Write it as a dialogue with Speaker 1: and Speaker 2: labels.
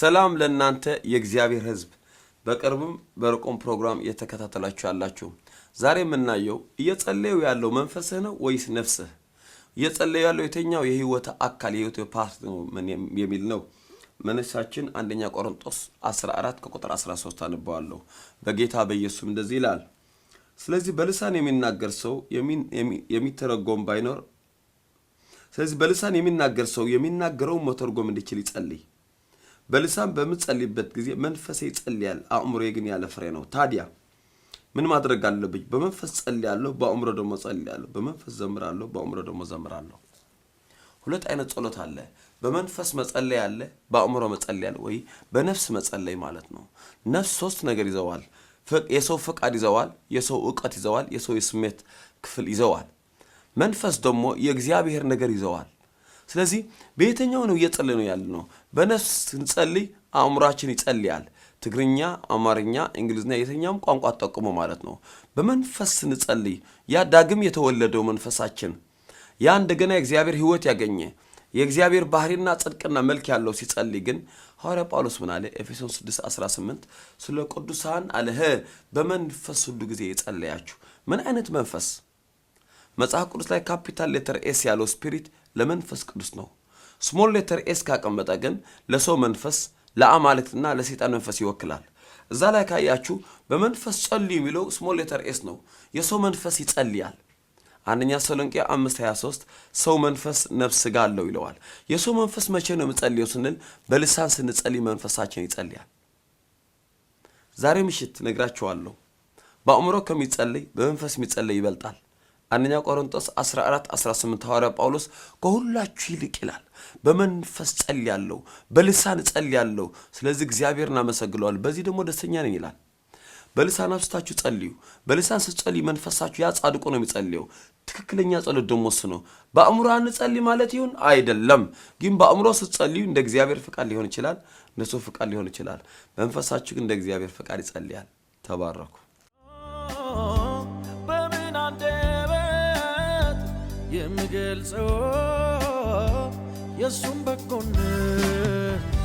Speaker 1: ሰላም ለእናንተ የእግዚአብሔር ሕዝብ በቅርብም በርቆም ፕሮግራም እየተከታተላችሁ ያላችሁ፣ ዛሬ የምናየው እየጸለዩ ያለው መንፈስህ ነው ወይስ ነፍስህ? እየጸለዩ ያለው የተኛው የህይወት አካል የህይወት ፓርት ነው የሚል ነው። መነሳችን አንደኛ ቆሮንጦስ 14 ከቁጥር 13 አንበዋለሁ። በጌታ በኢየሱስም እንደዚህ ይላል፣ ስለዚህ በልሳን የሚናገር ሰው የሚተረጎም ባይኖር ስለዚህ በልሳን የሚናገር ሰው የሚናገረውን መተርጎም እንዲችል ይጸልይ በልሳን በምጸልይበት ጊዜ መንፈሴ ይጸልያል፣ አእምሮዬ ግን ያለ ፍሬ ነው። ታዲያ ምን ማድረግ አለብኝ? በመንፈስ ጸልያለሁ፣ በአእምሮ ደግሞ ጸልያለሁ። በመንፈስ ዘምራለሁ፣ በአእምሮ ደግሞ ዘምራለሁ። ሁለት አይነት ጸሎት አለ። በመንፈስ መጸለይ አለ፣ በአእምሮ መጸለያል ወይ በነፍስ መጸለይ ማለት ነው። ነፍስ ሶስት ነገር ይዘዋል። የሰው ፈቃድ ይዘዋል፣ የሰው እውቀት ይዘዋል፣ የሰው የስሜት ክፍል ይዘዋል። መንፈስ ደግሞ የእግዚአብሔር ነገር ይዘዋል። ስለዚህ በየትኛው ነው እየጸለይ ነው ያለ ነው? በነፍስ ስንጸልይ አእምሯችን ይጸልያል። ትግርኛ፣ አማርኛ፣ እንግሊዝኛ የትኛውም ቋንቋ ጠቁሞ ማለት ነው። በመንፈስ ስንጸልይ ያ ዳግም የተወለደው መንፈሳችን ያ እንደገና የእግዚአብሔር ሕይወት ያገኘ የእግዚአብሔር ባህሪና ጽድቅና መልክ ያለው ሲጸልይ ግን ሐዋርያ ጳውሎስ ምን አለ? ኤፌሶን 6:18 ስለ ቅዱሳን አለህ በመንፈስ ሁሉ ጊዜ የጸለያችሁ ምን አይነት መንፈስ መጽሐፍ ቅዱስ ላይ ካፒታል ሌተር ኤስ ያለው ስፒሪት ለመንፈስ ቅዱስ ነው። ስሞል ሌተር ኤስ ካቀመጠ ግን ለሰው መንፈስ፣ ለአማልክትና ለሰይጣን መንፈስ ይወክላል። እዛ ላይ ካያችሁ በመንፈስ ጸልዩ የሚለው ስሞል ሌተር ኤስ ነው። የሰው መንፈስ ይጸልያል። አንደኛ ተሰሎንቄ 5:23 ሰው መንፈስ ነፍስ ሥጋ አለው ይለዋል። የሰው መንፈስ መቼ ነው የምጸልየው ስንል በልሳን ስንጸልይ መንፈሳችን ይጸልያል። ዛሬ ምሽት ነግራችኋለሁ። በአእምሮ ከሚጸልይ በመንፈስ የሚጸልይ ይበልጣል። አንደኛ ቆሮንቶስ 14 18 ሐዋርያ ጳውሎስ ከሁላችሁ ይልቅ ይላል በመንፈስ ጸልያለሁ፣ በልሳን ጸልያለሁ፣ ስለዚህ እግዚአብሔር እናመሰግለዋል፣ በዚህ ደግሞ ደስተኛ ነኝ ይላል። በልሳን አብስታችሁ ጸልዩ። በልሳን ስትጸልዩ መንፈሳችሁ ያ ጻድቁ ነው የሚጸልየው። ትክክለኛ ጸሎት ደግሞ እሱ ነው። በአእምሮ አንጸልይ ማለት ይሁን አይደለም፣ ግን በአእምሮ ስትጸልዩ እንደ እግዚአብሔር ፍቃድ ሊሆን ይችላል፣ እንደሱ ፍቃድ ሊሆን ይችላል። መንፈሳችሁ ግን እንደ እግዚአብሔር ፍቃድ ይጸልያል። ተባረኩ። የምገልጸው የእሱም በጎነት